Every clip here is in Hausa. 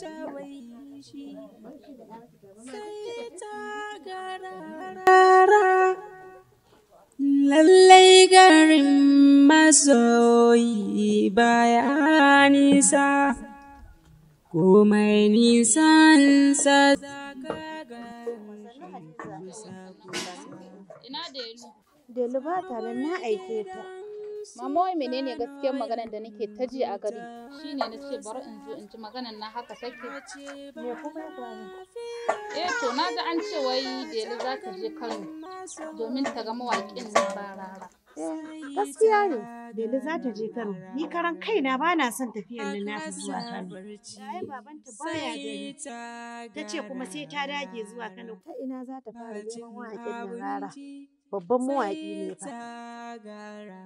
ta mai shi sai ta garara lallai garin masoyi baya nisa komai nisan sa Delu ba ta nan na aike ta. wai menene gaskiyar maganar da nake ta ji a gari shine na ce bari in zo in ji maganar na haka sake. Me kuma ya faru? Eh to na ji an ce wai Delu za ta je Kano domin ta ga mawaƙin nan barara. Eh, gaskiya ne, Delu za ta je Kano. Ni karan kaina ba na son tafiyar nan na zuwa Kano. Ai babanta baya gani. Ta ce kuma sai ta dage zuwa Kano. Ta ina za ta fara neman mawaƙin nan rara. babban mawaƙi ne fa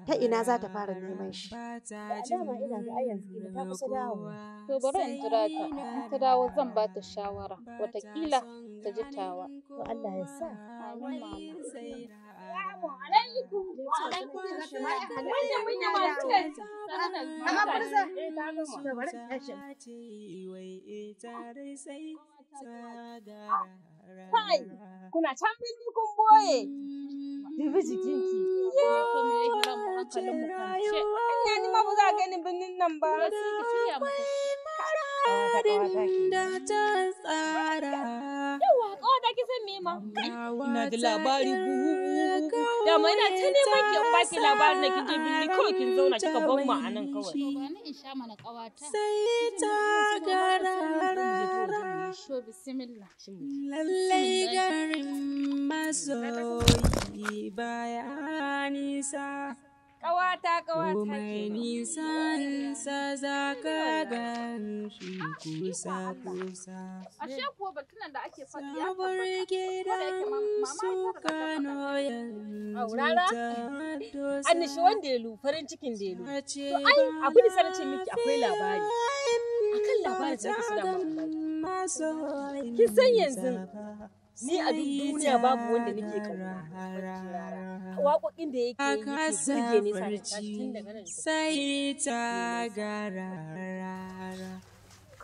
ta ina za ta fara neman shi dama ina ga yanzu ina ta kusa dawo to bari in jira ta in ta dawo zan ba ta shawara watakila ta ji to Allah ya sa amin mama Kai, kuna can birni kun boye. Mm-hmm. Dubi jikinki. za gani birnin nan ba. ta ki san me ma ina da labari buhu buhu dama ina ta neman ki ba ki labarin da kije binni kawai kin zauna kika ban mu a nan kawai to ba ni in sha mana kawata sai ta gara sho bismillah lallai garin masoyi baya nisa kawata kawata ke nisan sa za ka ga kusa kusa. Ashe kuwa batunan da ake faɗi ya tabbata. Annishi wanda ya farin cikin delu. To ai abu da sarce miki akwai labari. Akan labarin da kake da Kin san yanzu ni a duk duniya babu wanda nake kauna waƙoƙin da yake yi ne sai ta gara.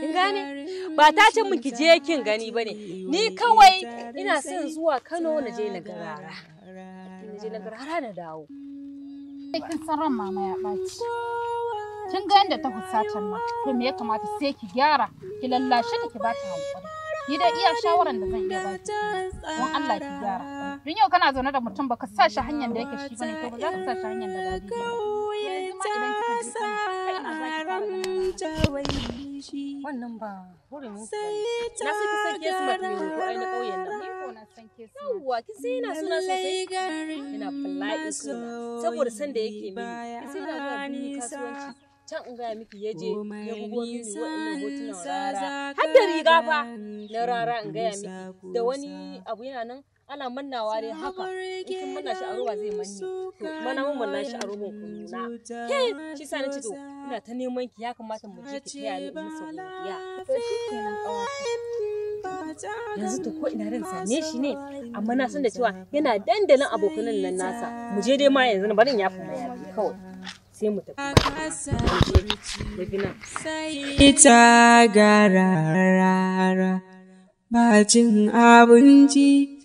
kin gane ba ta ce mun ki je kin gani bane ni kawai ina son zuwa Kano na je na garara na je na garara na dawo kin san ran mama ya baci kin ga yadda ta fusatar ma to me ya kamata sai ki gyara ki lallashe ta ki ba ta hankali ni da iya shawaran da zan iya baki don Allah ki gyara don yau kana zaune da mutum baka sa shi hanyar da yake shi bane to ba za ka sa shi hanyar da ba daidai ba Wannan ba hurumin sai ta gara. Na ƙauyen nan. Ni ko na san ke suna. Yawwa ki sai ina suna sosai. Ina bala'i suna. Saboda san da yake mini. Ki sai ina zuwa ni kasuwanci. Can in gaya miki ya je ya bugo mini waɗannan hotunan rara. Har da riga fa na rara in gaya miki. Da wani abu yana nan ana mannawa dai haka in manna shi a roba zai manne to mana mun manna shi a kununa he shi sa na ci to ina ta neman ki ya kamata mu je ki taya ni mu ya shi yanzu to ko ina ran same shi ne amma na san da cewa yana dandalin abokanan nan nasa mu je dai ma yanzu barin ya fi bi kawai sai mu tafi ta gararara bacin abinci